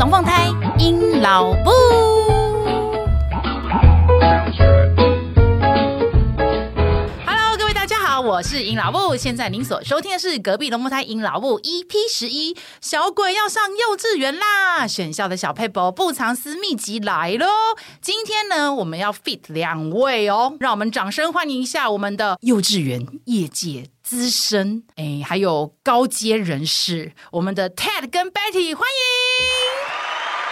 龍鳳胎陰老木，Hello，各位大家好，我是陰老木。現在您所收聽的是《隔壁龍鳳胎陰老木》EP 十一，小鬼要上幼稚園啦！選校的小撇步不藏私密集來嘍。今天呢，我們要 fit 兩位哦，讓我們掌聲歡迎一下我們的幼稚園業界資深，哎，還有高階人士，我們的 Ted 跟 Betty，歡迎。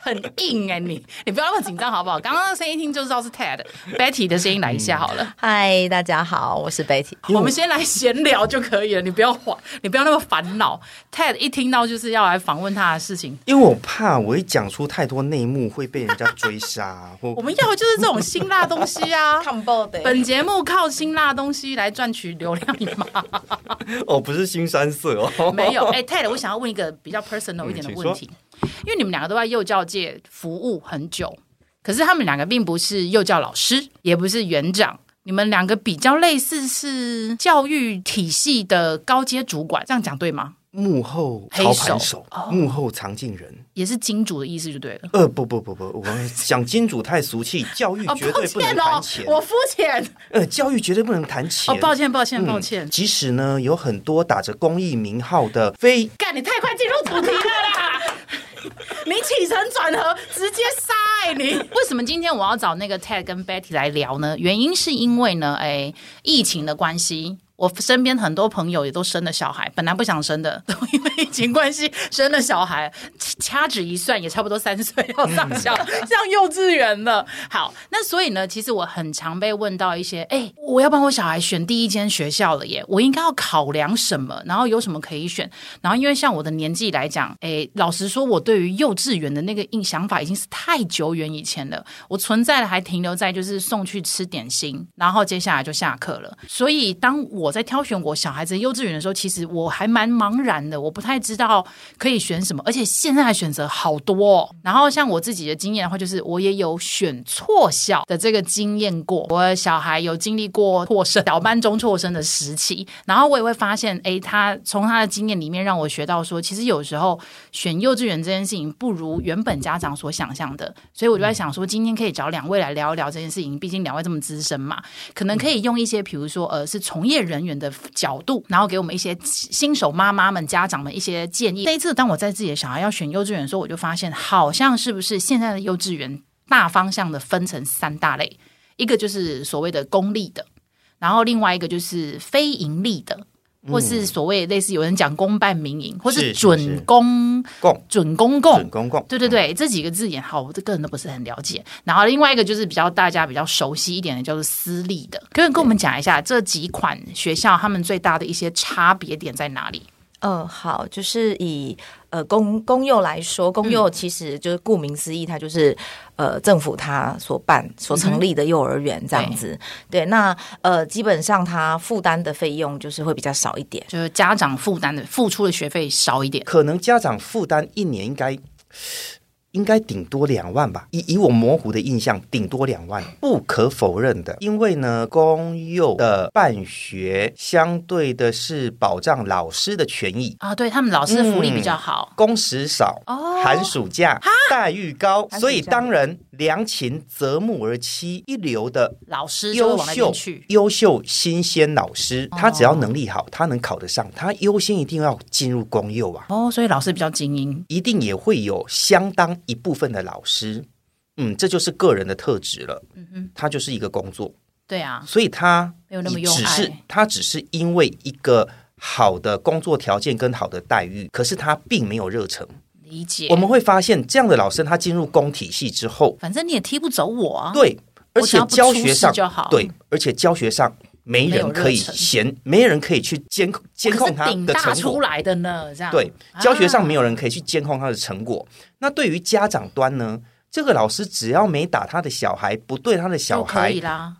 很硬哎、欸，你你不要那麼緊張好不好？剛剛那聲音一聽就知道是 Ted Betty 的聲音，來一下好了。嗨、嗯，Hi, 大家好，我是 Betty。我，我們先來閒聊就可以了，你不要慌， 你不要那麼煩惱。Ted 一聽到就是要來訪問他的事情，因為我怕我一講出太多內幕會被人家追殺。 我， 我們要的就是這種辛辣東西啊！的本節目靠辛辣東西來賺取流量嘛？你 哦，不是新三色哦， 沒有。哎、欸、，Ted，我想要問一個比較 personal 一點的問題。因為你們兩個都在幼教界服務很久，可是他們兩個並不是幼教老師，也不是園長，你們兩個比較類似是教育體系的高階主管，這樣講對嗎？幕後黑手、操盤手、哦，幕後藏鏡人，也是金主的意思就對了。呃，不不不不，我講金主太俗氣， 教育絕對不能談錢、哦，我膚淺。呃，教育絕對不能談錢。哦，抱歉抱歉抱歉、嗯。即使呢，有很多打着公益名號的，非幹你太快進入主題了啦。 你起承轉合直接殺你！ 為什麼今天我要找那個 Ted 跟 Betty 來聊呢？原因是因為呢，哎、欸，疫情的關係。我身邊很多朋友也都生了小孩，本來不想生的，都因為疫情關係生了小孩。掐指一算，也差不多三歲要上校，上、嗯、幼稚園了。好，那所以呢，其實我很常被問到一些：哎、欸，我要幫我小孩選第一間學校了耶，我應該要考量什麼？然後有什麼可以選？然後因為像我的年紀來講，哎、欸，老實說，我對於幼稚園的那個印想法已經是太久遠以前了，我存在的還停留在就是送去吃點心，然後接下來就下課了。所以當我我在挑選我小孩子幼稚園的時候，其實我還蠻茫然的，我不太知道可以選什麼，而且現在選擇好多哦。然後像我自己的經驗的話，就是我也有選錯校的這個經驗過，我小孩有經歷過輟生，小班中輟生的時期。然後我也會發現，哎、欸，他從他的經驗裡面讓我學到說，其實有時候選幼稚園這件事情不如原本家長所想象的。所以我就在想說，今天可以找兩位來聊一聊這件事情，畢竟兩位這麼資深嘛，可能可以用一些，比如說呃，是從業人人員的角度，然後給我們一些新手媽媽們、家長們一些建議。這一次，當我在自己的小孩要選幼稚園的時候，我就發現，好像是不是現在的幼稚園大方向的分成三大類，一個就是所謂的公立的，然後另外一個就是非盈利的。或是所謂類似有人講公辦民營、嗯，或是準公是是是共準公共，準公共、嗯、對對對這幾個字眼，好，我這個人都不是很了解，嗯，然後另外一個就是比較大家比較熟悉一點的，就是私立的。可以跟我們講一下這幾款學校他們最大的一些差別點在哪裡？嗯、呃，好，就是以呃公公幼來說，公幼其實就是顧名思義，嗯、它就是呃政府它所辦所成立的幼兒園這樣子。嗯、對，對，那呃基本上它負擔的費用就是會比較少一點，就是家長負擔的付出的學費少一點，可能家長負擔一年應該。應該頂多兩萬吧，以以我模糊的印象，頂多兩萬。不可否認的，因為呢，公幼的辦學相對的是保障老師的權益啊、哦，對他們老師的福利比較好，嗯、工時少、哦，寒暑假，待遇高，所以當然，良禽擇木而棲，一流的老師優秀優秀新鮮老師、哦，他只要能力好，他能考得上，他優先一定要進入公幼啊。哦，所以老師比較精英，一定也會有相當。一部分的老師，嗯，這就是個人的特質了，嗯嗯，他就是一個工作，對啊，所以他沒有那麼用愛，只是，他只是因為一個好的工作條件跟好的待遇，可是他並沒有熱忱，理解。我們會發現這樣的老師，他進入公體系之後，反正你也踢不走我，對，而且教學上，對，而且教學上。沒人可以嫌，沒人可以去監控監控他的成果的。對教學上沒有人可以去監控他的成果。啊、那對於家長端呢，這個老師只要沒打他的小孩，不對他的小孩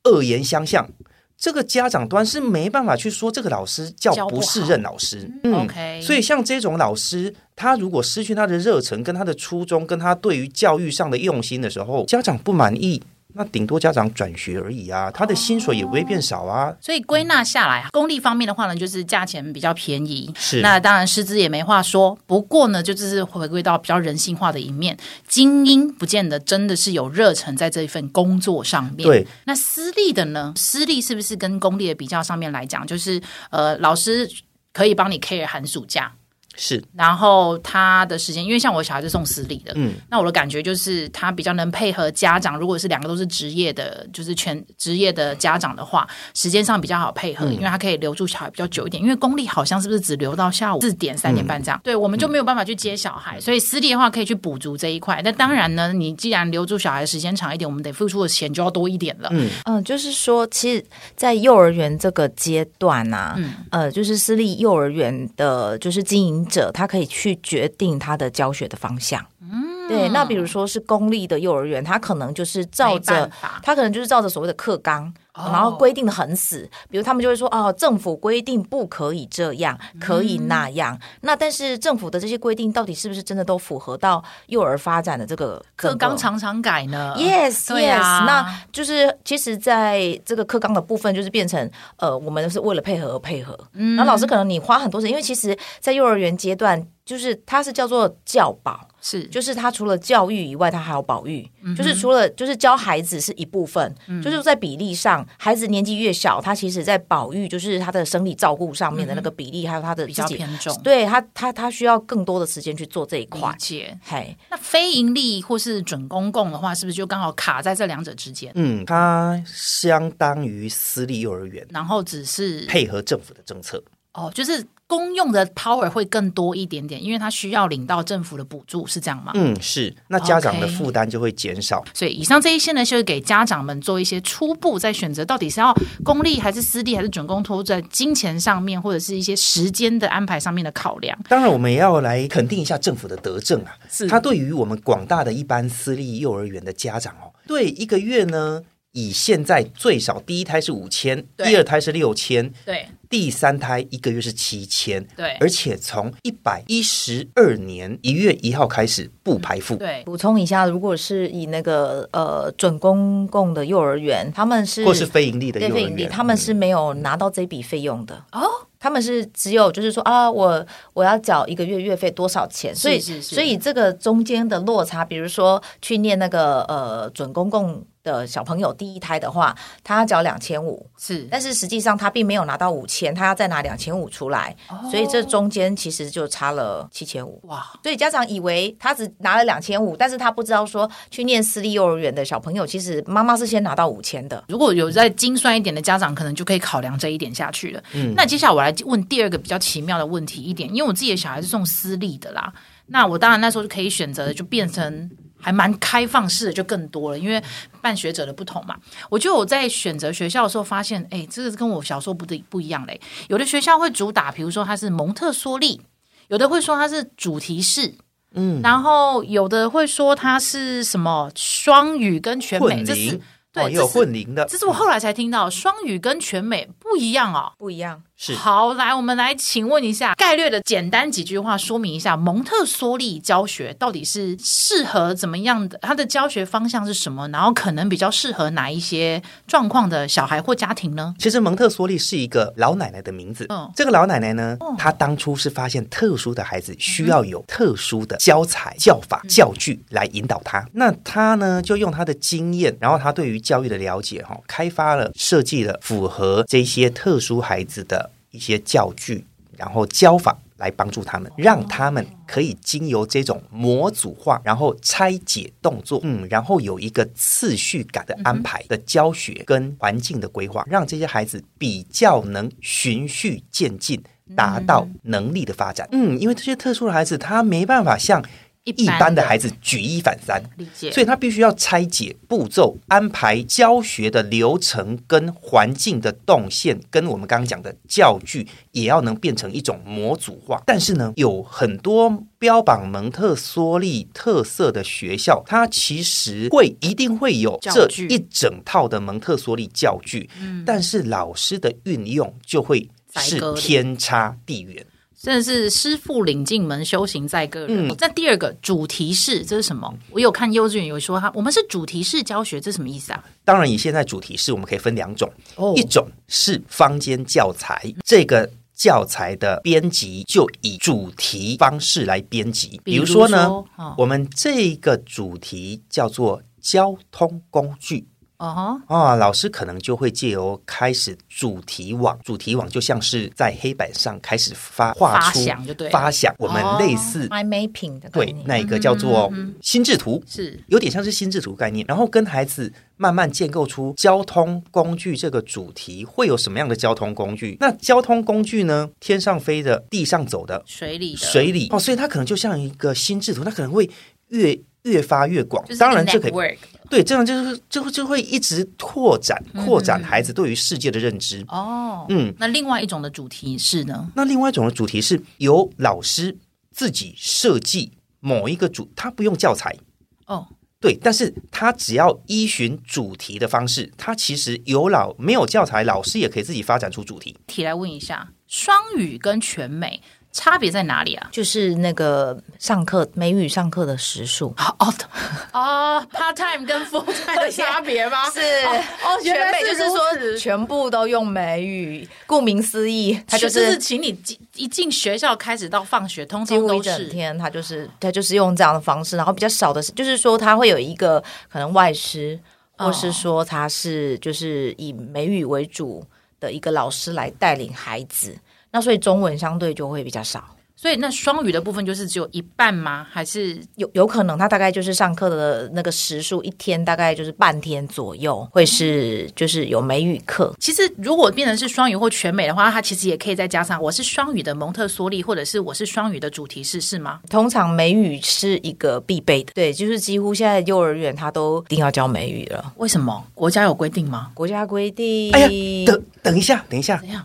惡言相向，這個家長端是沒辦法去說這個老師叫不適任老師。嗯、okay、所以像這種老師，他如果失去他的熱忱，跟他的初衷，跟他對於教育上的用心的時候，家長不滿意。那頂多家長轉學而已啊，他的薪水也不會變少啊。哦、所以歸納下來，嗯、公立方面的話呢，就是價錢比較便宜。是，那當然師資也沒話說。不過呢，就是回歸到比較人性化的一面，精英不見得真的是有熱忱在這一份工作上面。對，那私立的呢？私立是不是跟公立的比較上面來講，就是呃，老師可以幫你 care 寒暑假。是，然後他的時間，因為像我小孩是送私立的，嗯，那我的感覺就是他比較能配合家長。如果是兩個都是職業的，就是全職業的家長的話，時間上比較好配合，嗯，因為他可以留住小孩比較久一點。因為公立好像是不是只留到下午四點三點半這樣，嗯、對，我們就沒有辦法去接小孩，所以私立的話可以去補足這一塊。那當然呢，你既然留住小孩時間長一點，我們得付出的錢就要多一點了。嗯嗯、呃，就是說，其實，在幼兒園這個階段呢、啊，呃，就是私立幼兒園的，就是經營。者，他可以去決定他的教學的方向。對，那比如說是公立的幼兒園，他可能就是照着，他可能就是照着所謂的課綱，哦、然後規定的很死。比如他們就會說，哦，政府規定不可以這樣、嗯，可以那樣。那但是政府的這些規定到底是不是真的都符合到幼兒發展的這個，個？課綱常常改呢。Yes，Yes yes,、啊。那就是其實在這個課綱的部分，就是變成呃，我們是為了配合而配合。嗯。那老師可能你花很多時間，因為其實在幼兒園階段。就是它是叫做教保，是就是它除了教育以外，它還有保育、嗯，就是除了就是教孩子是一部分、嗯，就是在比例上，孩子年紀越小，他其實在保育，就是他的生理照顧上面的那個比例，嗯、還有他的比較偏重，對他他他需要更多的時間去做這一塊。嘿，那非營利或是準公共的話，是不是就剛好卡在這兩者之間？嗯，它相當於私立幼兒園，然後只是配合政府的政策。哦，就是公用的 power 會更多一點點，因為它需要領到政府的補助，是這樣嗎？嗯，是。那家長的負擔就會減少，okay。所以以上這一些呢，就是給家長們做一些初步在選擇到底是要公立還是私立，還是準公托，在金錢上面或者是一些時間的安排上面的考量。當然，我們也要來肯定一下政府的德政啊，是。他對於我們廣大的一般私立幼兒園的家長哦，對，一個月呢，以現在最少第一胎是五千，第二胎是六千，對。第三胎一個月是七千，對，而且從一百一十二年一月一號開始不排富，嗯。對，補充一下，如果是以那個呃準公共的幼兒園，他們是或是非營利的幼兒園，對，非營利，他們是沒有拿到這筆費用的、嗯、哦。他們是只有就是說啊，我我要繳一個月月費多少錢？所以是是是，所以這個中間的落差，比如說去念那個呃準公共。的小朋友，第一胎的話，他只要交兩千五是，但是實際上他並沒有拿到五千，他要再拿兩千五出來，哦，所以這中間其實就差了七千五。哇。所以家長以為他只拿了兩千五，但是他不知道說去念私立幼兒園的小朋友，其實媽媽是先拿到五千的。如果有再精算一點的家長，可能就可以考量這一點下去了。嗯，那接下來我來問第二個比較奇妙的問題一點，因為我自己的小孩是送私立的啦，那我當然那時候就可以選擇就變成。還蠻開放式的，就更多了，因為辦學者的不同嘛。我覺得我在選擇學校的時候，發現，哎、欸，這個跟我小時候不不一樣嘞、欸。有的學校會主打，比如說它是蒙特梭利，有的會說它是主題式，嗯，然後有的會說它是什麼雙語跟全美，混這是對，哦、有混齡的這，這是我後來才聽到雙、嗯、語跟全美不一樣哦，不一樣。是，好，來，我們來請問一下，概略的簡單幾句話說明一下蒙特梭利教學到底是適合怎麼樣的？他的教學方向是什麼？然後可能比較適合哪一些狀況的小孩或家庭呢？其實蒙特梭利是一個老奶奶的名字。嗯、哦，這個老奶奶呢、哦，她當初是發現特殊的孩子需要有特殊的教材、教法、教具來引導他、嗯。那她呢，就用她的經驗，然後她對於教育的了解，哈，開發了、設計了符合這些特殊孩子的。一些教具，然後教法來幫助他們，讓他們可以經由這種模組化，然後拆解動作，嗯，然後有一個次序感的安排的教學跟環境的規劃，讓這些孩子比較能循序漸進，達到能力的發展。嗯，因為這些特殊的孩子，他沒辦法像。一般的孩子舉一反三，理解。所以他必須要拆解步驟，安排教學的流程跟環境的動線，跟我們剛剛講的教具也要能變成一種模組化。但是呢，有很多標榜蒙特梭利特色的學校，它其實會一定會有這一整套的蒙特梭利教具，教具。但是老師的運用就會是天差地遠。真的是師父領進門，修行在個人。那、嗯哦、第二個主題式，這是什麼？我有看幼稚園有說他，我們是主題式教學，這是什麼意思啊？當然，以現在主題式，我們可以分兩種、哦，一種是坊間教材，這個教材的編輯就以主題方式來編輯。比如說呢、哦，我們這個主題叫做交通工具。哦、uh、哦 -huh. 啊，老師可能就會借由開始主題網，主題網就像是在黑板上開始發畫出發，發想我們類似 mind mapping、oh, 對那一個叫做心智圖，是、mm -hmm. 有點像是心智圖概念，然後跟孩子慢慢建構出交通工具這個主題會有什麼樣的交通工具？那交通工具呢？天上飛的，地上走的，水裡的水裡哦，所以它可能就像一個心智圖，它可能會越越發越廣、就是，當然這可以。對，這樣就是就就會一直拓展、擴展孩子對於世界的認知，嗯，哦，嗯，那另外一種的主題是呢？那另外一種的主題是由老師自己設計某一個主，他不用教材哦，對，但是他只要依循主題的方式，他其實有老沒有教材，老師也可以自己發展出主題。提來問一下，雙語跟全美差別在哪裡啊？就是那個上課美語上課的時數。哦哦，哦 oh,part time 跟 full time 的差別嗎？ 是哦，原、oh, 來、oh, 就是說全部都用美語。顧名思義，他就是請你進 一進學校開始到放學，通常都是整天，他就是他就是用這樣的方式。然後比較少的是，就是說他會有一個可能外師，oh. 或是說他是就是以美語為主的一個老師來帶領孩子。那所以中文相對就會比較少。所以那雙語的部分就是只有一半嗎？還是有有可能他大概就是上課的那個時數一天大概就是半天左右，會是就是有美語課、嗯。其實如果變成是雙語或全美的話，它其實也可以再加上我是雙語的蒙特梭利，或者是我是雙語的主題式，是嗎？通常美語是一個必備的，對，就是幾乎現在幼兒園他都一定要教美語了。為什麼？國家有規定嗎？國家規定？哎等等一下，等一下，怎樣？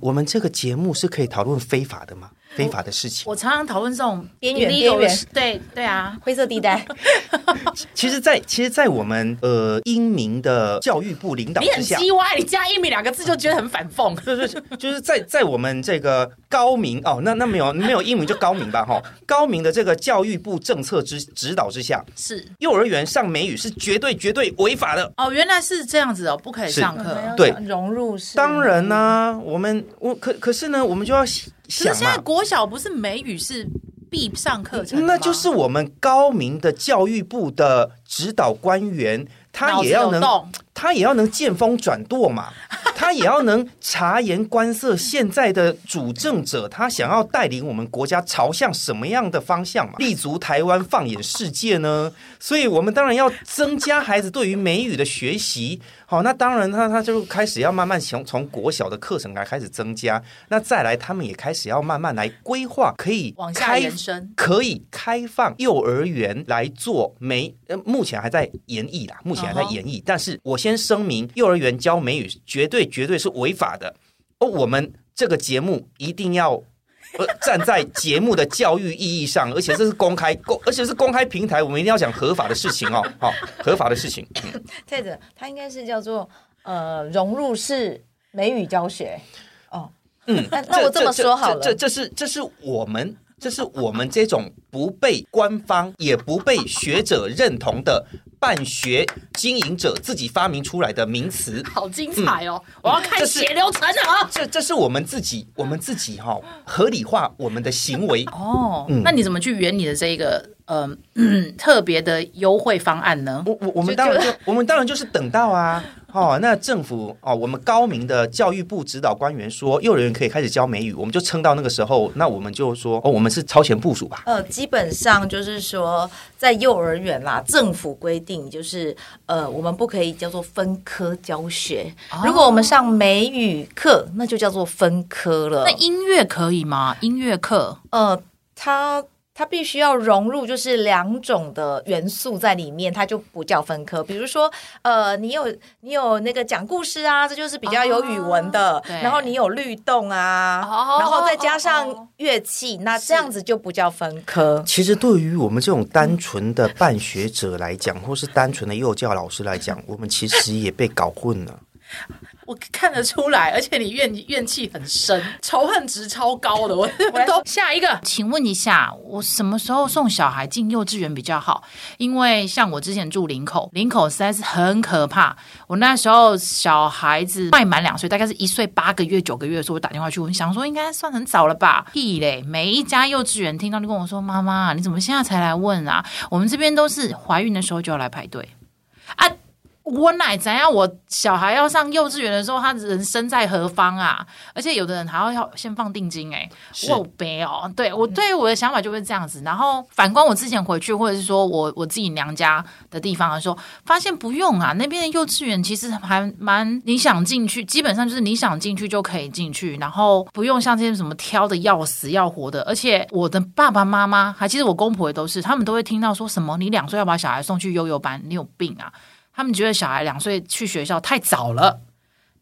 我們這個節目是可以討論非法的嗎？非法的事情，我,我常常討論這種邊緣邊緣，對對啊，灰色地帶 。其實，在其實，在我們呃英明的教育部領導之下，你很機歪，你加“英明”兩個字就覺得很反諷。 就是在在我們這個高明哦，那那沒有沒有英明就高明吧，哈、哦，高明的這個教育部政策之指導之下，是幼兒園上美語是絕對絕對違法的哦，原來是這樣子哦，不可以上課，對融入是當然呢、啊，我們我可可是呢，我們就要。可是現在國小不是美語是必上課程，嗯，那就是我們高明的教育部的指導官員，他也要能他也要能見風轉舵嘛，他也要能察言觀色。現在的主政者，他想要帶領我們國家朝向什麼樣的方向嘛？立足台灣，放眼世界呢？所以，我們當然要增加孩子對於美語的學習。好、哦，那當然他，他他就開始要慢慢從從國小的課程來開始增加。那再來，他們也開始要慢慢來規劃，可以開往下延伸，可以開放幼兒園來做美。呃、目前還在研議啦，目前還在研議，Uh-huh. 但是我先。先聲明，幼兒園教美語絕對絕對是違法的哦。我們這個節目一定要、呃、站在節目的教育意義上，而且這是公開公，而且是公開平台，我們一定要講合法的事情哦。好、哦，合法的事情。對的，他應該是叫做呃融入式美語教學。哦，嗯， 那我這麼說好了，這這，這，這，這是這是我們。這是我們這種不被官方也不被學者認同的辦學經營者自己發明出來的名詞，好精彩哦！我要看血流成河。這這是我們自己，我們自己齁，合理化我們的行為。哦，那你怎麼去圓你的這個嗯特別的優惠方案呢？我我我們當然就我們當然就是等到啊。哦，那政府哦，我們高明的教育部指導官員說，幼兒園可以開始教美語，我們就撐到那個時候。那我們就說，哦，我們是超前部署吧。呃，基本上就是說，在幼兒園啦，政府規定就是，呃，我們不可以叫做分科教學。哦，如果我們上美語課，那就叫做分科了。那音樂可以嗎？音樂課？呃，他。它必須要融入，就是兩種的元素在裡面，它就不叫分科。比如說，呃，你有你有那個講故事啊，這就是比較有語文的，oh, 然後你有律動啊，oh, 然後再加上樂器，oh, 那這樣子就不叫分科。其實對於我們這種單純的辦學者來講， 或是單純的幼教老師來講，我們其實也被搞混了。我看得出來，而且你怨怨氣很深，仇 恨值超高的。我都我都下一個，請問一下，我什麼時候送小孩進幼稚園比較好？因為像我之前住林口，林口實在是很可怕。我那時候小孩子快滿兩歲，大概是一歲八個月、九個月的時候，我打電話去問，我想說應該算很早了吧？屁嘞！每一家幼稚園聽到你跟我說，媽媽，你怎麼現在才來問啊？我們這邊都是懷孕的時候就要來排隊啊。我哪知道，我小孩要上幼稚園的時候，他人生在何方啊？而且有的人還要要先放定金誒、欸，我有病哦！對我對於我的想法就會這樣子，嗯。然後反觀我之前回去，或者是說我我自己娘家的地方來說，發現不用啊。那邊的幼稚園其實還蠻你想進去，基本上就是你想進去就可以進去，然後不用像這些什麼挑的要死要活的。而且我的爸爸媽媽還，其實我公婆也都是，他們都會聽到說什麼你兩歲要把小孩送去幼幼班，你有病啊！他們覺得小孩兩歲去學校太早了。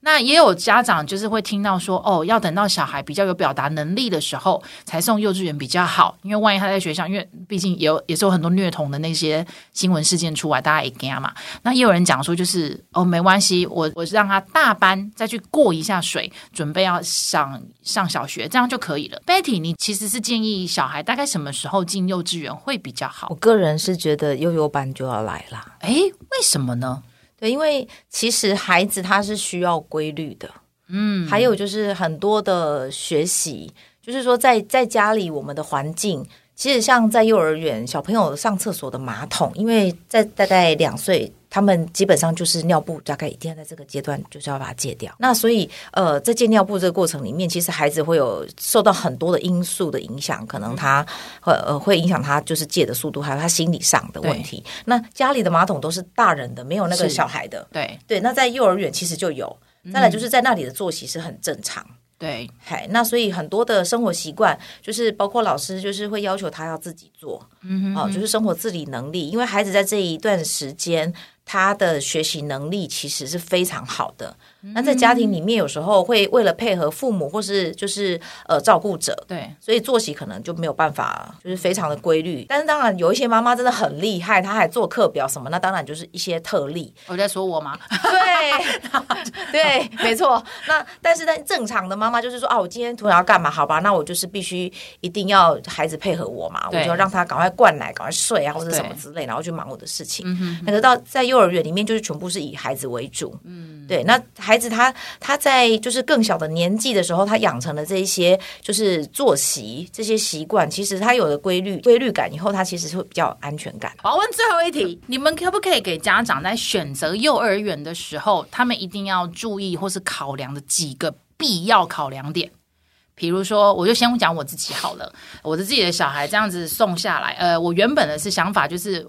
那也有家長就是會聽到說哦，要等到小孩比較有表達能力的時候才送幼稚園比較好，因為萬一他在學校，因為畢竟也有也是有很多虐童的那些新聞事件出來，大家也驚嘛。那也有人講說，就是哦，沒關係，我我是讓他大班再去過一下水，準備要上上小學，這樣就可以了。Betty，你其實是建議小孩大概什麼時候進幼稚園會比較好？我個人是覺得幼幼班就要來了。誒、欸，為什麼呢？對，因為其實孩子他是需要規律的，嗯，還有就是很多的學習，就是說在在家裡我們的環境，其實像在幼兒園小朋友上廁所的馬桶，因為在大概兩歲。他們基本上就是尿布，大概一定要在這個階段，就是要把它戒掉。那所以，呃，在戒尿布這個過程裡面，其實孩子會有受到很多的因素的影響，可能他會呃會影響他就是戒的速度，還有他心理上的問題。那家裡的馬桶都是大人的，沒有那個小孩的。對對。那在幼兒園其實就有，再來就是在那裡的作息是很正常。對、嗯。嗨、嗯，那所以很多的生活習慣，就是包括老師就是會要求他要自己做，啊、嗯哼哼哦，就是生活自理能力，因為孩子在這一段時間。他的學習能力其實是非常好的。那、嗯、在家庭裡面，有時候會為了配合父母或是就是呃照顧者，對，所以作息可能就沒有辦法，就是非常的規律。但是當然有一些媽媽真的很厲害，她還做課表什麼，那當然就是一些特例。我在說我嗎？對， 對，哦、 沒錯。那但是但正常的媽媽就是說啊，我今天突然要幹嘛？好吧，那我就是必須一定要孩子配合我嘛，我就讓他趕快灌奶，趕快睡啊，或者什麼之類，然後去忙我的事情。那個到在幼。幼兒園裡面就是全部是以孩子為主，嗯，對。那孩子他他在就是更小的年紀的時候，他養成了這一些就是作息這些習慣，其實他有了規律規律感以後，他其實是會比較有安全感。好，問最後一題，嗯，你們可不可以給家長在選擇幼兒園的時候，他們一定要注意或是考量的幾個必要考量點？比如說，我就先講我自己好了，我的自己的小孩這樣子送下來，呃，我原本的是想法就是。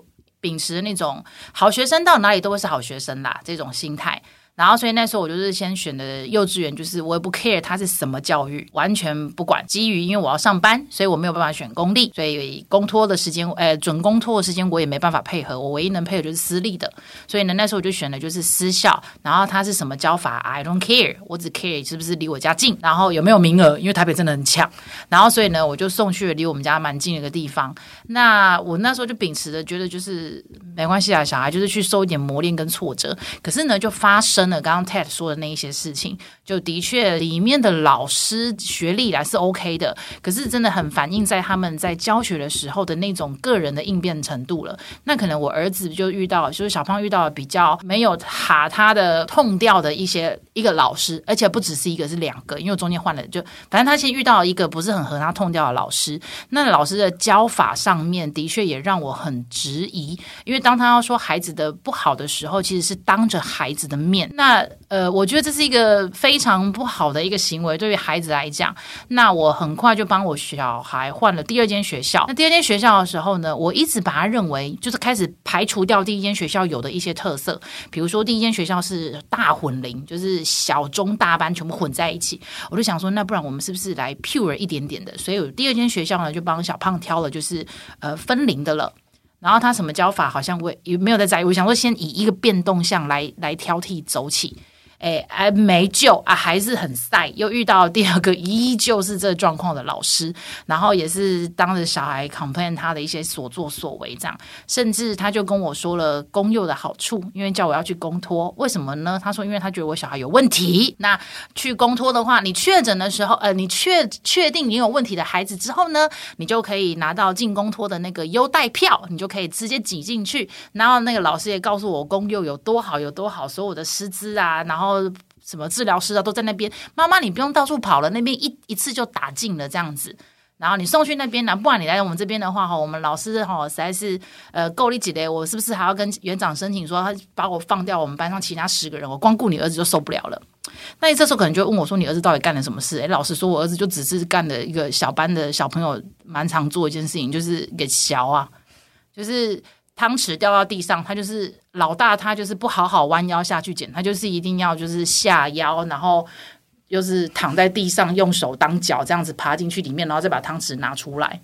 秉持那種好學生到哪裡都會是好學生啦，這種心態。然後，所以那時候我就是先選的幼稚園，就是我也不 care 它是什麼教育，完全不管。基於因為我要上班，所以我沒有辦法選公立，所以公托的時間，呃，準公托的時間我也沒辦法配合。我唯一能配合就是私立的，所以呢，那時候我就選的就是私校。然後它是什麼教法，I don't care，我只 care 是不是離我家近，然後有沒有名額，因為台北真的很搶。然後，所以呢，我就送去了離我們家蠻近的一個地方。那我那時候就秉持着覺得就是沒關係啊，小孩就是去受一點磨練跟挫折。可是呢，就發生。剛剛 Ted 說的那一些事情，就的確裡面的老師學歷還是 OK 的，可是真的很反映在他們在教學的時候的那種個人的應變程度了。那可能我兒子就遇到，就是小胖遇到了比較沒有哈他的痛掉的一些一個老師，而且不只是一個，是兩個，因為中間換了就，就反正他先遇到一個不是很和他痛掉的老師，那老師的教法上面的確也讓我很質疑，因為當他要說孩子的不好的時候，其實是當着孩子的面。那呃，我覺得這是一個非常不好的一個行為，對於孩子來講。那我很快就幫我小孩換了第二間學校。那第二間學校的時候呢，我一直把它認為就是開始排除掉第一間學校有的一些特色，比如說第一間學校是大混齡，就是小中大班全部混在一起。我就想說，那不然我們是不是來 pure 一點點的？所以第二間學校呢，就幫小胖挑了就是呃分齡的了。然後他什麼教法好像我也沒有在在意，我想說，先以一個變動項來來挑剔走起。哎，還沒救啊？還是很塞，又遇到第二個依舊是這狀況的老師，然後也是當著小孩 complain 他的一些所作所為這樣，甚至他就跟我說了公幼的好處，因為叫我要去公托，為什麼呢？他說因為他覺得我小孩有問題，那去公托的話，你確診的時候，呃，你確確定你有問題的孩子之後呢，你就可以拿到進公托的那個優待票，你就可以直接擠進去。然後那個老師也告訴我公幼有多好，有多好，所有的師資啊，然後。哦，什麼治療師啊，都在那邊。媽媽，你不用到處跑了，那邊一一,一次就打進了這樣子。然後你送去那邊呢、啊？不然你來我們這邊的話，哈，我們老師哈、啊、實在是呃夠力極的。我是不是還要跟園長申請說，他把我放掉？我們班上其他十個人，我光顧你兒子就受不了了。那你這時候可能就問我說，你兒子到底幹了什麼事？哎，老師說，我兒子就只是幹了一個小班的小朋友蠻常做一件事情，就是給小啊，就是。湯匙掉到地上，他就是老大，他就是不好好彎腰下去撿，他就是一定要就是下腰，然後就是躺在地上，用手當腳這樣子爬進去裡面，然後再把湯匙拿出來。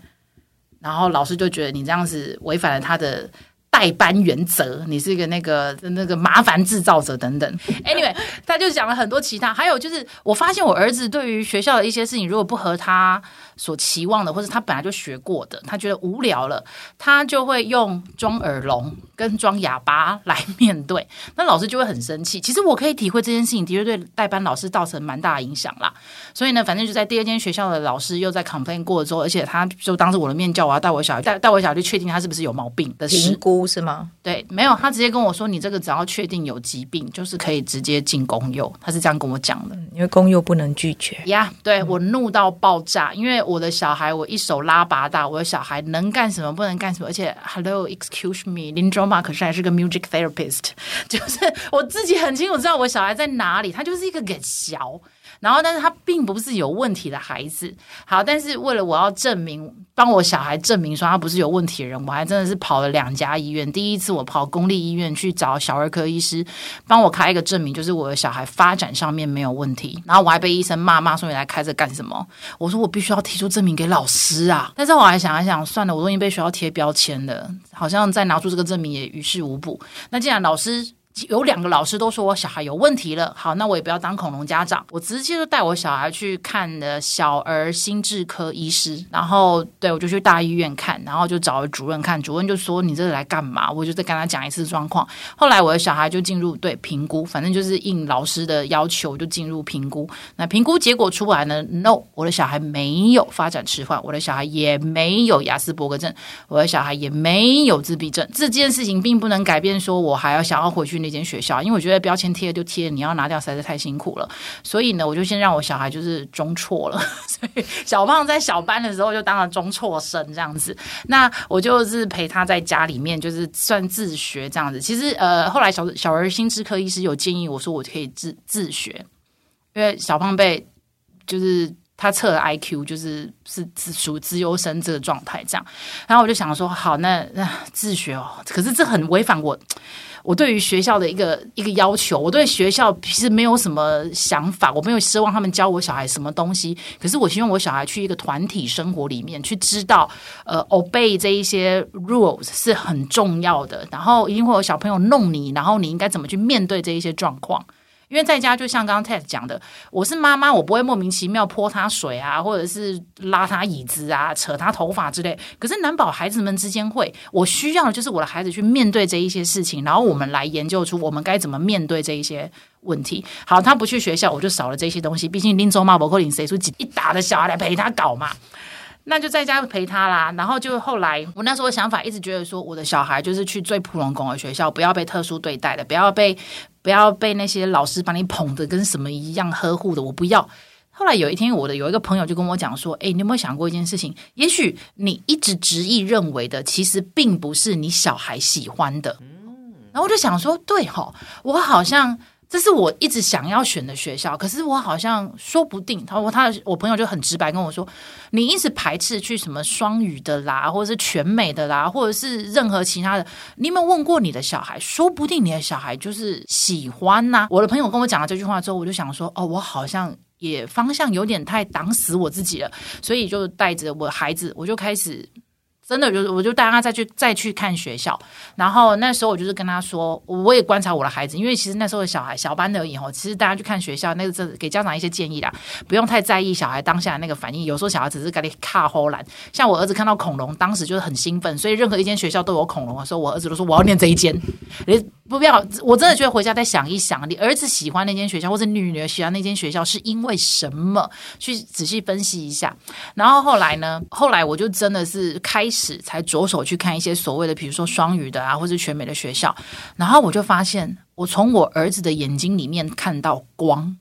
然後老師就覺得你這樣子違反了他的代班原則，你是一個那個那個麻煩製造者等等。 Anyway，他就講了很多其他，還有就是我發現我兒子對於學校的一些事情，如果不和他。所期望的，或者他本來就學過的，他覺得無聊了，他就會用裝耳聾跟裝啞巴來面對，那老師就會很生氣。其實我可以體會這件事情，的確對代班老師造成蠻大的影響啦。所以呢，反正就在第二間學校的老師又在 complain 過了之後，而且他就當着我的面叫我要帶我小孩，帶帶我小孩去確定他是不是有毛病的評估是嗎？對，沒有，他直接跟我說，你這個只要確定有疾病，就是可以直接進公幼，他是這樣跟我講的，嗯、因為公幼不能拒絕呀。Yeah, 對、嗯、我怒到爆炸，因為。我的小孩，我一手拉拔大，我的小孩能幹什麼，不能幹什麼？而且，Hello，Excuse me，林卓瑪可是還是個 music therapist，就是我自己很清楚知道我小孩在哪裡，他就是一個給小。然後，但是他並不是有問題的孩子。好，但是為了我要證明，幫我小孩證明說他不是有問題的人，我還真的是跑了兩家醫院。第一次我跑公立醫院去找小兒科醫師，幫我開一個證明，就是我的小孩發展上面沒有問題。然後我還被醫生罵，罵，罵說你來開這幹什麼？我說我必須要提出證明給老師啊。但是我還想一想，算了，我都已經被學校貼標籤了，好像再拿出這個證明也於事無補。那既然老師。有兩個老師都說我小孩有問題了，好，那我也不要當恐龍家長，我直接就帶我小孩去看了小兒心智科醫師，然後對，我就去大醫院看，然後就找主任看，主任就說你這是來幹嘛？我就再跟他講一次狀況。後來我的小孩就進入對評估，反正就是應老師的要求就進入評估。那評估結果出來呢？No，我的小孩沒有發展遲緩，我的小孩也沒有亞斯伯格症，我的小孩也沒有自閉症。這件事情並不能改變，說我還要想要回去。那間學校，因為我覺得標籤貼就貼，你要拿掉實在是太辛苦了，所以呢，我就先讓我小孩就是中輟了，所 以小胖在小班的時候就當了中輟生這樣子。那我就是陪他在家裡面就是算自學這樣子。其實呃，後來小小兒心智科醫師有建議我說我可以自自學，因為小胖被就是他測了 IQ，就是是屬資優生這個狀態這樣。然後我就想說，好，那那自學哦。可是這很違反我。我對於學校的一個一個要求，我對學校其實沒有什麼想法，我沒有奢望他們教我小孩什麼東西。可是我希望我小孩去一個團體生活裡面，去知道，呃，obey 這一些 rules 是很重要的。然後，一定會有小朋友弄你，然後你應該怎麼去面對這一些狀況。因為在家就像剛剛 Ted 講的，我是媽媽，我不會莫名其妙潑他水啊，或者是拉他椅子啊，扯他頭髮之類。可是難保孩子們之間會，我需要的就是我的孩子去面對這一些事情，然後我們來研究出我們該怎麼面對這一些問題。好，他不去學校，我就少了這些東西。畢竟拎老木不可能生出一打的小孩來陪他搞嘛？那就在家陪他啦，然後就後來，我那時候想法一直覺得說，我的小孩就是去最普通公立的學校，不要被特殊對待的，不要被不要被那些老師把你捧得跟什麼一樣呵護的，我不要。後來有一天，我的有一個朋友就跟我講說，哎、欸，你有沒有想過一件事情？也許你一直執意認為的，其實並不是你小孩喜歡的。然後我就想說，對哈，我好像。這是我一直想要選的學校，可是我好像說不定。他說他，我朋友就很直白跟我說，你一直排斥去什麼雙語的啦，或者是全美的啦，或者是任何其他的。你有沒有問過你的小孩？說不定你的小孩就是喜歡吶、啊。我的朋友跟我講了這句話之後，我就想說，哦，我好像也方向有點太擋死我自己了，所以就帶着我孩子，我就開始。真的就我就帶他再去再去看學校，然後那時候我就是跟他說我，我也觀察我的孩子，因為其實那時候的小孩小班的以後其實大家去看學校，那個這給家長一些建議啦，不用太在意小孩當下那個反應。有時候小孩只是給你卡後來，像我兒子看到恐龍，當時就是很興奮，所以任何一間學校都有恐龍的時候，我兒子都說我要念這一間。你不必要，我真的覺得回家再想一想，你兒子喜歡那間學校，或者女兒喜歡那間學校，是因為什麼？去仔細分析一下。然後後來呢，後來我就真的是開。始才着手去看一些所謂的，比如說雙語的啊，或者是全美的學校，然後我就發現，我從我兒子的眼睛裡面看到光，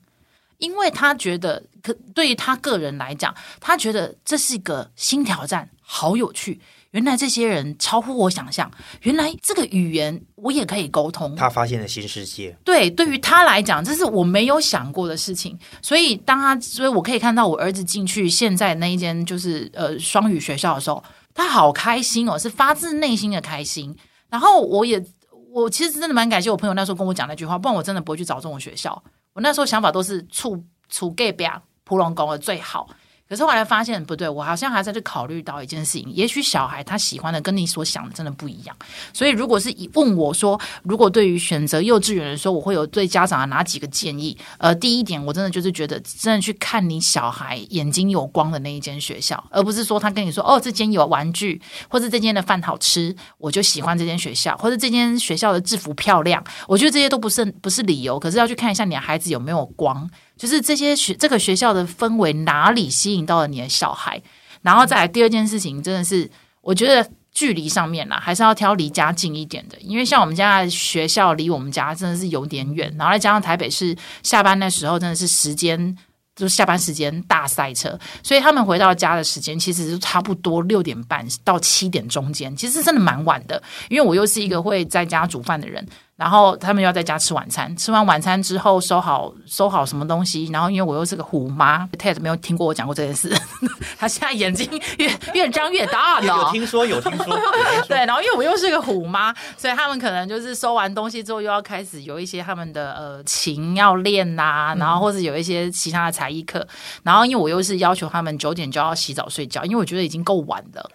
因為他覺得，可對於他個人來講，他覺得這是一個新挑戰，好有趣。原來這些人超乎我想象，原來這個語言我也可以溝通。他發現了新世界。對，對於他來講，這是我沒有想過的事情。所以，當他，所以我可以看到我兒子進去現在那一間，就是呃雙語學校的時候。他好開心哦，是發自內心的開心。然後我也，我其實真的蠻感謝我朋友那時候跟我講那句話，不然我真的不會去找這種學校。我那時候想法都是處處蓋表，普通公的最好。可是後來發現不對，我好像還在這考慮到一件事情，也許小孩他喜歡的跟你所想的真的不一樣。所以如果是問我說，如果對於選擇幼稚園的時候，我會有對家長的哪幾個建議？呃，第一點，我真的就是覺得，真的去看你小孩眼睛有光的那一間學校，而不是說他跟你說哦，這間有玩具，或者這間的飯好吃，我就喜歡這間學校，或者這間學校的制服漂亮，我覺得這些都不是不是理由。可是要去看一下你的孩子有沒有光。就是這些學這個學校的氛圍哪裡吸引到了你的小孩？然後再來第二件事情，真的是我覺得距離上面啦，還是要挑離家近一點的。因為像我們家的學校離我們家真的是有點遠，然後再加上台北市下班那時候真的是時間就是下班時間大塞車，所以他們回到家的時間其實就差不多六點半到七點中間，其實真的蠻晚的。因為我又是一個會在家煮飯的人。然後他們要在家吃晚餐，吃完晚餐之後收好收好什麼東西。然後因為我又是個虎媽，Ted 沒有聽過我講過這件事， 他現在眼睛越 越張越大了，哦。有聽說有聽說，聽說 對。然後因為我又是個虎媽，所以他們可能就是收完東西之後又要開始有一些他們的呃琴要練吶，啊，然後或者有一些其他的才藝課，嗯。然後因為我又是要求他們九點就要洗澡睡覺，因為我覺得已經夠晚了。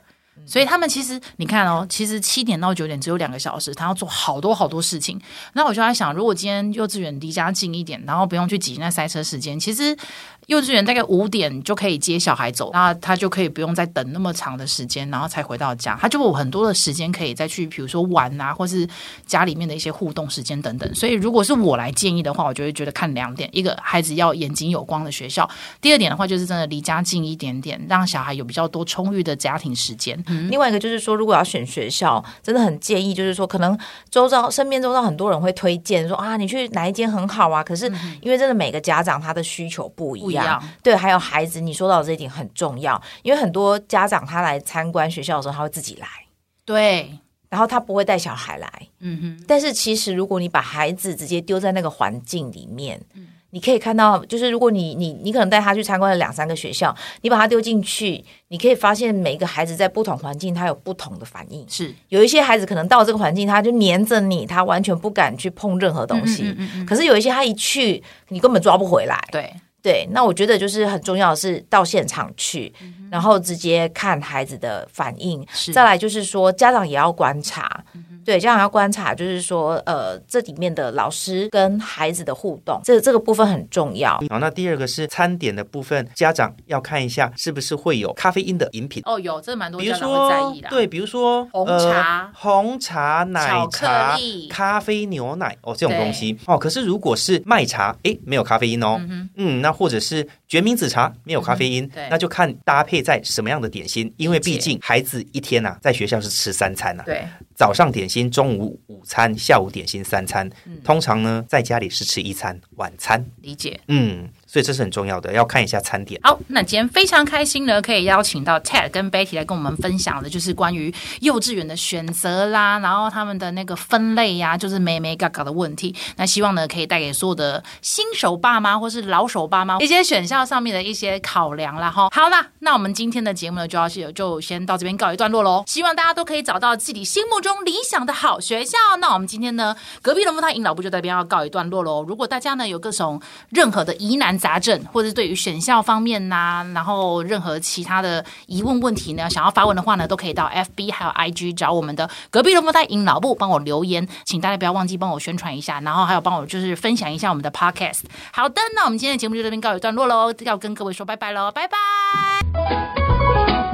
所以他們其實，你看哦，其實七點到九點只有兩個小時，他要做好多好多事情。那我就在想，如果今天幼稚園離家近一點，然後不用去擠那塞車時間，其實。幼稚園大概五點就可以接小孩走，那他就可以不用再等那麼長的時間，然後才回到家，他就有很多的時間可以再去，比如說玩啊，或是家裡面的一些互動時間等等。所以，如果是我來建議的話，我就會覺得看兩點：一個孩子要眼睛有光的學校；第二點的話，就是真的離家近一點點，讓小孩有比較多充裕的家庭時間。另外一個就是說，如果要選學校，真的很建議，就是說，可能周遭身邊周遭很多人會推薦說啊，你去哪一間很好啊？可是因為真的每個家長他的需求不一樣。對，還有孩子，你說到這一點很重要，因為很多家長他來參觀學校的時候，他會自己來，對，然後他不會帶小孩來，嗯哼。但是其實如果你把孩子直接丟在那個環境裡面，嗯，你可以看到，就是如果你你你可能帶他去參觀了兩三個學校，你把他丟進去，你可以發現每一個孩子在不同環境，他有不同的反應。是有一些孩子可能到這個環境，他就黏着你，他完全不敢去碰任何東西。嗯嗯嗯嗯嗯。可是有一些他一去，你根本抓不回來。對。對，那我覺得就是很重要的是到現場去，嗯、然後直接看孩子的反應，是，再來就是說家長也要觀察。嗯對家長要觀察，就是說，呃，這裡面的老師跟孩子的互動，這個、這個部分很重要。好、哦，那第二個是餐點的部分，家長要看一下是不是會有咖啡因的飲品。哦，有，這蠻多家長會在意的、啊。對，比如說紅茶、紅茶、呃、紅茶奶茶、咖啡、牛奶，哦，這種東西。哦，可是如果是麥茶，哎，沒有咖啡因哦。嗯嗯，那或者是決明子茶，沒有咖啡因、嗯。對。那就看搭配在什麼樣的點心，因為畢竟孩子一天吶、啊，在學校是吃三餐吶、啊。對。早上點心，中午午餐，下午點心，三餐。嗯。通常呢，在家裡是吃一餐，晚餐。理解。嗯。對，這是很重要的，要看一下餐點。好，那今天非常開心呢，可以邀請到 Ted 跟 Betty 來跟我們分享的，就是關於幼稚園的選擇啦，然後他們的那個分類呀、啊，就是美美嘎嘎的問題。那希望呢，可以帶給所有的新手爸媽或是老手爸媽一些選校上面的一些考量啦。哈，好啦，那我們今天的節目呢，就要是就先到這邊告一段落嘍。希望大家都可以找到自己心目中理想的好學校。那我們今天呢，隔壁龍鳳胎陰老木就在這邊要告一段落嘍。如果大家呢有各種任何的疑難雜，或者對於選校方面吶、啊，然後任何其他的疑問問題呢，想要發問的話呢，都可以到 FB 還有 IG 找我們的隔壁龍鳳胎陰老木幫我留言，請大家不要忘記幫我宣傳一下，然後還有幫我就是分享一下我們的 Podcast。好的，那我們今天的節目就這邊告一段落嘍，要跟各位說拜拜嘍，拜拜。